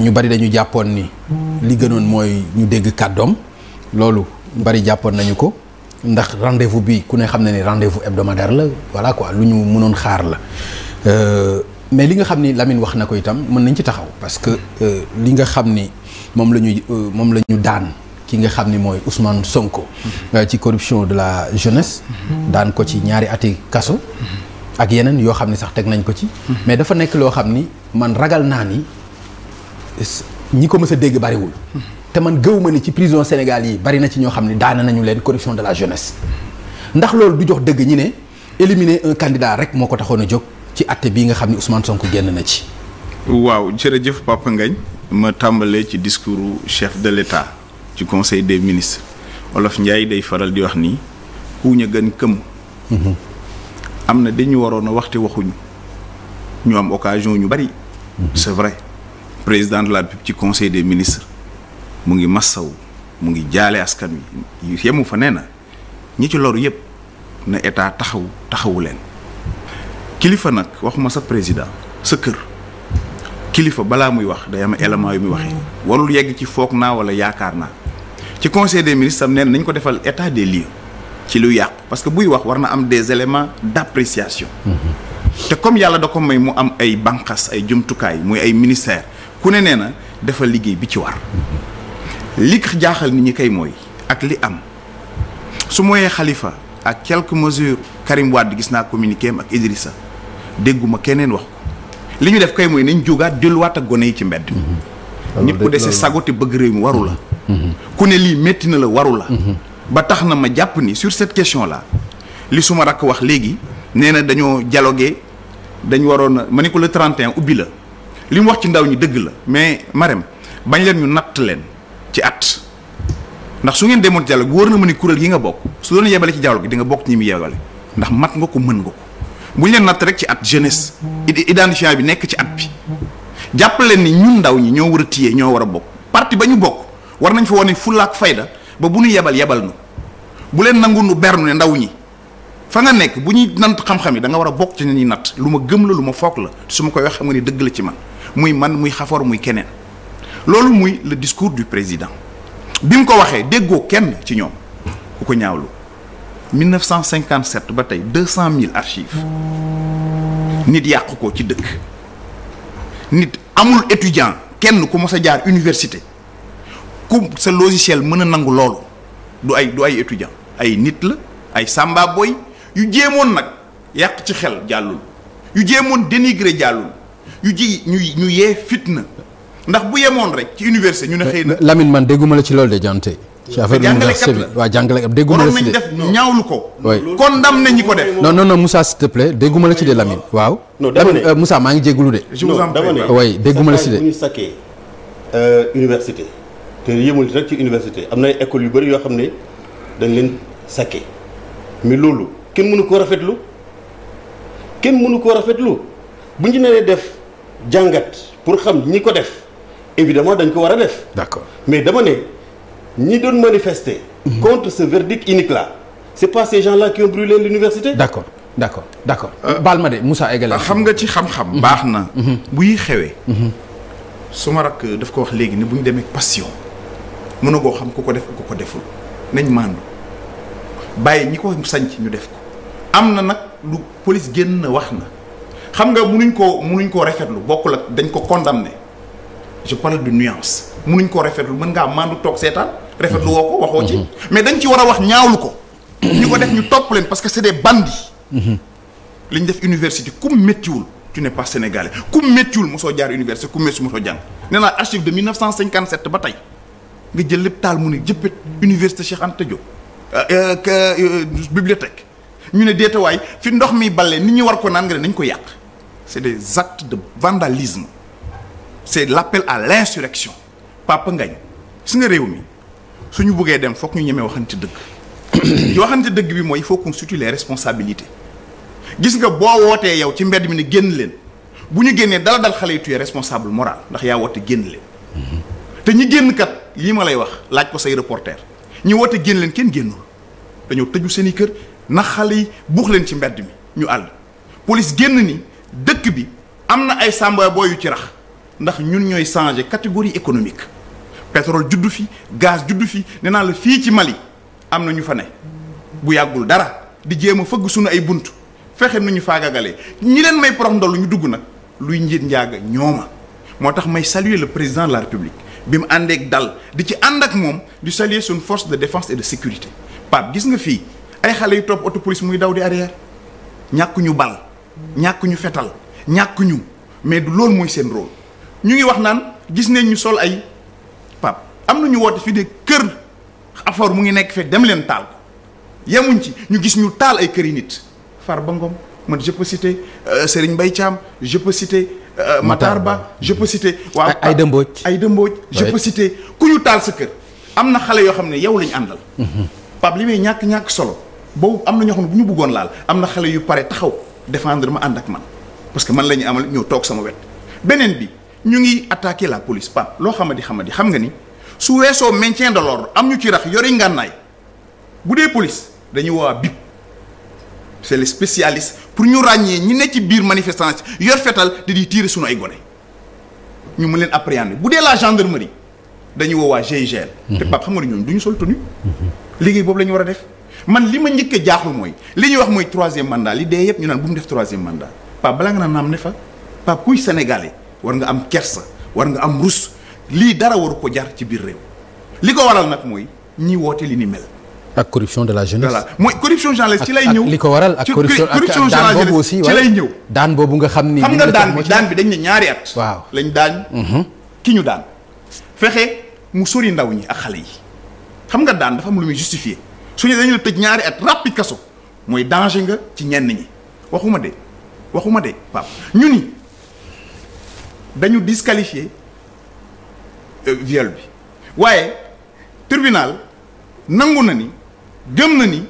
ñu bari dañu jàppoon ni li gënoon mooy ñu dégg kàddoom loolu bari jàppoon nañu ko ndax rendez-vous bi ku ne xam ne ni rendez-vous la voilà quoi lu ñu mënoon xaar la euh, mais li nga xam ni Lamine wax na ko itam mën nañ ci taxaw parce que euh, li nga xam ni moom la ñu euh, moom la ñu daan ki nga xam ni mooy Ousmane Sonko ci corruption de la jeunesse daan ko ci ñaari ati kaso ak yeneen yoo xam ni sax teg nañ ko ci mm-hmm. mais dafa nekk loo xam ni man ragal naa ni ñi ko mës dégg bariwul. te man gëw ma ni ci prison Sénégal yi bari na ci ñoo xam ne daana nañu leen corruption de la jeunesse. ndax loolu du jox dëgg ñi ne éliminer un candidat rek moo ko taxoon a jóg ci àtte bii nga xam ne Ousmane sonk génn na ci. waaw jërëjëf Papa ngañ ma tàmbalee ci discours chef de l'État ci conseil des ministres Olof Ndiaye day faral di wax nii ku ñu gën këm. Mhm. am na dañu waroon a waxti waxuñu ñu am occasion ñu bari. Mhm. c'est vrai. président de la République ci conseil des ministres mu ngi massaw mu ngi jaale askan wi yemu fa nee na ñi ci loru yëpp na état taxaw taxawu leen kilifa nag waxuma sa président sa kër kilifa balaa muy wax day am élément yu muy waxee warul yegg ci foog naa wala yaakaar naa ci conseil des ministre am nee nañ ko defal état des lieux ci lu yàqu parce que buy wax war na am des éléments d'appréciation mm-hmm. te comme yàlla da ko may mu am ay banqas ay jumtukaay muy ay ministères ku ne nee na dafa liggéey bi ci war li jaaxal ni ñi kay mooy ak li am su mooyee xalifa ak quelques mesures Karim Wade gis naa communiqué am ak Idrissa dégguma keneen wax ko li ñu def kay mooy nañ jógaat delluwaat ak gone yi ci mbedd mi mhm. nit ku dese sago te bëgg réew mi waru la mhm. Mhm. ku ne lii métti na la waru la ba tax na ma jàpp ni sur cette question là li suma rakk wax léegi nee na dañoo dialogué dañ waroon ma ne ko le 31 ubbi la li mu wax ci ndaw ñi dëgg la mais Marème bañ leen ñu natt leen ci at ndax su ngeen demoon ci dialogue wóor na ma ni kuréel gi nga bokk su doon yebale ci dialogue gi dinga bokk ci ñi mu yebale ndax mat nga ko mën nga ko bu ñu leen natt rek ci at jeunesse identifiant bi nekk ci at bi jàpp leen ni ñun ndaw ñi ñoo war a téye ñoo war a bokk parti ba ñu bokk war nañ fa wane fulaak fayda ba bu ñu yebal yebal nu bu leen nangu nu bernu ne ndaw ñi fa nga nekk bu ñuy nant xam yi da nga war a bokk ci ñi ñuy natt lu ma gëm la lu ma foog la su ma koy wax xam ni dëgg la ci man muy man muy xafoor muy keneen loolu muy le discours du président bi mu ko waxee déggoo kenn ci ñoom ku ko ñaawlu 1957 ba tey 200000 archives nit yàq ko ci dëkk nit amul étudiant kenn ku mos a jaar université ku sa logiciel mën a nangu loolu du ay du ay étudiant ay nit la ay samba yu jéemoon nag yàq ci xel jàllul yu jéemoon dénigré jàllul yu ji ñu ñu yee fitna ndax bu yemoon rek ci université ñu ne xëy na. Lamine man dégguma la ci loolu de jante. ci affaire université bi waaw jàngalekat dégguma la ci de def ñaawlu ko. oui condamné ñi ko def. non non non Moussa s'il te plaît la ci de Lamine. waaw Lamine euh, Moussa maa ngi jégalu de. je vous en prie oui dégguma la ci de. bu ñu sakkee euh, université te yemul rek ci université am na ay écoles yu bari yoo xam ne dañ leen sakkee mi loolu kenn mënu ko rafetlu kenn mënu ko rafetlu bu ñu def. jàngat pour xam ñi ko def évidemment dañ ko war a def. d'accord mais dama ne ñi doon manifester. Mhm. contre ce verdict unique là c'est pas ces gens là qui ont brûlé l'université. d'accord d'accord d'accord. Euh, baal ma de Moussa Egale. Euh, xam nga ci xam-xam. Mhm. baax na. Mhm. buy xewee. su ma rakk daf ko wax léegi ne bu ñu demee passion mën goo xam ku ko def ku ko deful nañ maandu bàyyi ñi ko sanc ñu def ko am na nag lu polis génn wax na. xam nga munuñ koo munuñ koo rafetlu bokkul ak dañ ko condamné je parle de nuance munuñ koo rafetlu mën ngaa maandu toog seetaan rafetlu woo ko waxoo ci mhm. mais dañ ci war a wax ñaawlu ko ñu ko def ñu topp leen parce que c'est des bandits mhm. li ñu def université ku méttiwul tu n'es pas sénégalais ku méttiwul mosoo jaar université ku méttiwul mosoo jàng nee naa archive de 1957 ba tey nga jël lépp taal mu ne jëppit université Cheikh Anta Diop euh, euh, euh, bibliothèque ñu ne deetawaay fi ndox mi balle ni ñi war ko naan nga ne nañ ko yàq c'est des actes de vandalisme c'est l'appel à l'insurrection Papa Ngagne si nga réew mi suñu bëggee dem foog ñu ñemee waxante dëgg ñu waxante dëgg bi mooy il faut qu'on gis nga boo wootee yow ci mbedd mi ne génn leen bu ñu génnee dala dal xale yi tuyee responsable moral ndax yaa woote génn leen te ñi génnkat kat ma lay wax laaj ko say reporter ñi woote génn leen kenn génnul dañoo tëju seen i kër na xale yi buux leen ci mbedd mi ñu àll polis génn ni dëkk bi am na ay sàmba booy yu ci rax ndax ñun ñooy changer catégorie économique pétrole juddu fi gaz juddu fi ne naa la fii ci Mali am na ñu fa ne bu yàggul dara di jéem a fëgg suñu ay bunt fexe nu ñu faagagalee ñi leen may porox ndol ñu dugg nag luy njiit njaaga ñooma moo tax may saluer le président de la république bi mu àndeek dal di ci ànd ak moom di saluer suñu force de défense et de sécurité Pape gis nga fii ay xale yu topp auto police muy daw di arrière ñàkk bal ñàkk ñu fetal ñàkk ñu mais du loolu mooy seen rôle ñu ngi wax naan gis nañ ñu sol ay pap am na ñu woote fii de kër afor mu ngi nekk fekk dem leen taal ko yemuñ ci ñu gis ñu taal ay kër yi nit Farba Ngom man je peux citer euh, Serigne Mbaye Thiam je peux euh, Ba je peux citer ay dëmbooj ay dëmbooj je peux ku ñu taal sa kër am na xale yoo xam ne yow lañu àndal mhm. pap li may ñàkk ñàkk solo boobu am na ñoo xam ne bu ñu buggoon laal am na xale yu pare taxaw défendre ma ànd ak man parce que man la ñu amal ñoo toog sama wet beneen bi ñu ngi attaque la police Pape loo xamadi xamadi xam nga ni su weesoo maintien de l'ordre am ñu ci rax yori ngànnaay bu dee police dañuy woo BIP c'est les spécialistes pour ñu ràññee ñi ne ci biir manifestance yor fetal da di tiire suñu ay gone ñu mën leen appréhender bu dee la gendarmerie dañuy woo waa GIGN. te mhm. Pape xam nga ni ñooñu duñu ñu sol tenue mhm. liggéey boobu la ñu war a def. man li ma njëkk a jaaxul mooy li ñuy wax mooy troisième mandat li dee yëpp ñu naan bu mu def troisième mandat Pape balaa nga naan naam ne fa Pape kuy sénégalais war nga am kersa war nga am rus lii dara waru ko jar ci biir réew li ko waral nag mooy ñi woote li ni mel. ak corruption de la jeunesse voilà mooy corruption jeunesse ci lay ñëw li ko waral ak corruption corruption daan boobu aussi ci lay ñëw daan boobu nga xam ni xam nga daan bi daan bi at waaw lañ daan mhm. ki ñu daan fexe mu sori ndaw ñi ak xale yi xam nga daan dafa am lu muy su ñu dañu la tëj ñaari at rapide kaso mooy danger nga ci ñenn ñi waxuma de waxuma de Pape ñu ni dañu disqualifié euh, viol bi waaye tribunal nangu na ni gëm na ni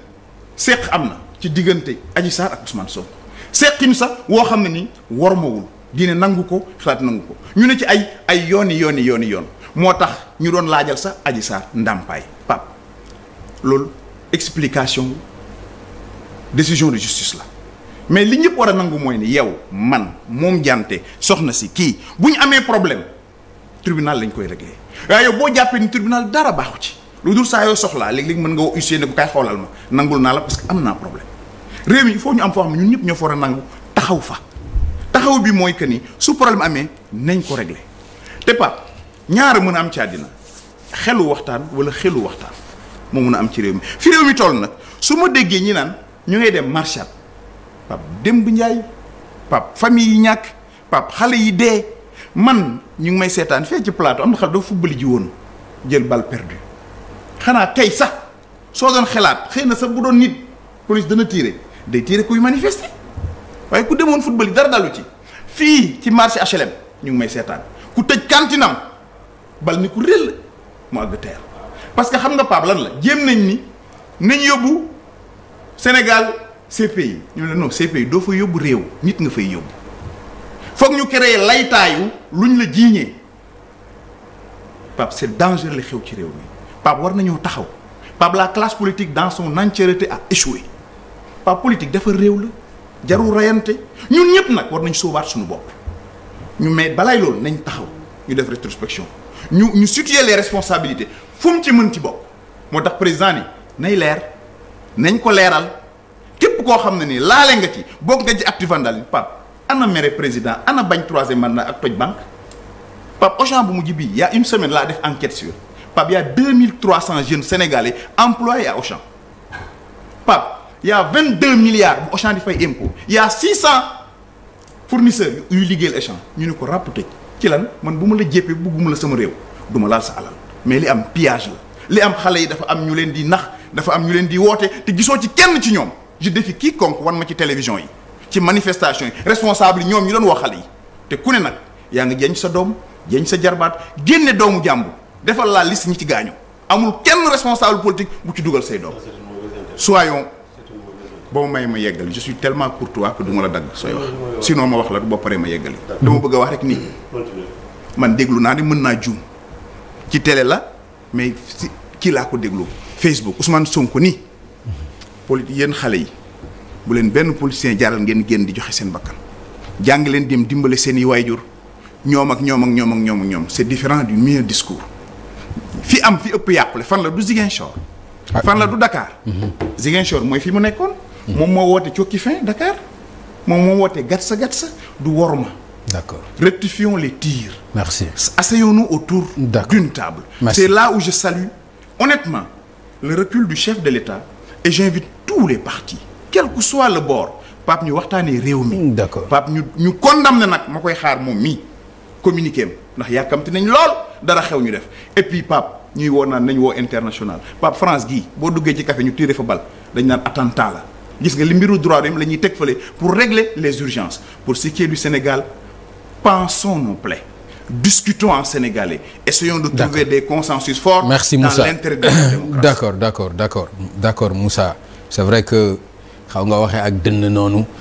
seq am na ci diggante Adji Sarr ak Ousmane Sonko seqiñu sax woo xam ne ni wormawul diine nangu ko xalaat nangu ko ñu ne ci ay ay yooni yooni yooni yoon moo tax ñu doon laajal sax Adji Sarr ndàmpaay loolu explication décision de justice la mais li ñëpp war a nangu mooy ni yow man moom jante soxna si kii bu ñu amee problème tribunal lañ koy réglé waaye boo jàppee ni tribunal dara baaxu ci lu dul saa yoo soxlaa léegi léeg mën nga woo huissier ne ko kaay xoolal ma nangul naa la parce que am naa problème réew mi foo ñu am foo xam ne ñun ñëpp ñoo fa war a nangu taxaw fa taxaw bi mooy que ni su problème amee nañ ko réglé te pa ñaara mën a am ci àddina xelu waxtaan wala xelu waxtaan moo mun a am ci réew mi fi réew mi toll nag su ma déggee ñi naan ñu ngay dem marchat pap démb njaay pap famille yi ñàkk pap xale yi dee man ñu ngi may seetaan fee ci plateau am na xale dafa football ji woon jël balle perdue xanaa tey sax soo doon xelaat xëy na sax bu doon nit police dana tiire day tiire kuy manifester waaye ku demoon football yi dara dalu ci fii ci marché HLM ñu ngi may seetaan ku tëj kantinam bal ni ku réll mu àgg teer parce que xam nga Pape lan la jéem nañ ni nañ yóbbu Sénégal CPI ñu ne non CPI doo fa yóbbu réew nit nga fay yóbbu foog ñu créer laytaayu lu ñu la jiiñee Pape c'est danger li xew ci réew mi Pape war nañoo taxaw Pape la classe politique dans son entièreté a échoué Pape politique dafa réew la jarul reyante ñun ñëpp nag war nañ sóobaat suñu bopp ñu mais balaay loolu nañ taxaw ñu def rétrospection ñu ñu situer les responsabilité fu mu ci mën ci bokk moo tax président ni nay leer nañ ko leeral képp koo xam ne nii laale nga ci bokk nga ci actu vandal Pape ana mere président ana bañ troisième mandat ak toj banque Pape Auchan bu mu bii y a une semaine laa def enquête sur Pape y a deux mille trois cent jeunes sénégalais employés à Auchan Pape y a vingt deux milliards bu Auchan di fay impôt y a six cent fournisseurs yu liggéeyal Auchan ñu ni ko ràpp tëj ci lan man bu ma la jéppee bugguma la sama réew duma laal sa alal mais li am pillage la li am xale yi dafa am ñu leen di nax dafa am ñu leen di woote te gisoo ci kenn ci ñoom je kii quiconque wan ma ci télévision yi ci manifestation yi responsable ñoom ñu doon woo xale yi te ku ne nag yaa ngi jeñ sa doom jeñ sa jarbaat génne doomu jàmbur defal laa liste ñi ci gaañu amul kenn responsable politique bu ci dugal say doom soyons boo may ma yeggali je suis tellement courtois que du ma la dagg sooy wax sinon ma wax la boo paree ma yeggali dama bëgg a wax rek nii man déglu naa ne mën naa juum ci télé la mais si kii laa ko déglu Facebook Ousmane Sonko ni politi yéen xale yi bu leen benn politicien jaaral ngeen génn di joxe seen bakkan jàng leen dem dimbale seen i waayjur ñoom ak ñoom ak ñoom ak ñoom ak ñoom c'est différent du meilleur discours fi am fi ëpp yàqule fan la du Ziguinchor ah. fan la du dakaar mhm. Ziguinchor mooy fi mu nekkoon mhm. moom moo woote cokki fin Dakar moom moo woote gatsa sa du worma D'accord. Rectifions les tirs. Merci. Asseyons-nous autour d'une table. C'est là où je salue honnêtement le recul du chef de l'État et j'invite tous les partis, quel que soit le bord, Pape ñu waxtaanee réew mi. D'accord. Pape ñu ñu condamné nag ma koy xaar moom mi communiqué ndax yàkkamti nañ lool dara xew ñu def et puis Pape ñuy woo naan nañu woo international Pape France gii boo duggee ci kafe ñu tiré fa bal dañ naan attentat la gis nga li mbiru droit dem la ñuy teg fale pour régler les urgences pour ce qui Sénégal. pensons nos plaies discutons en sénégalais essayons de trouver des consensus forts merci Moussa dans l'intérêt de la démocratie d'accord d'accord d'accord d'accord Moussa c'est vrai que xaw nga waxee ak dënn noonu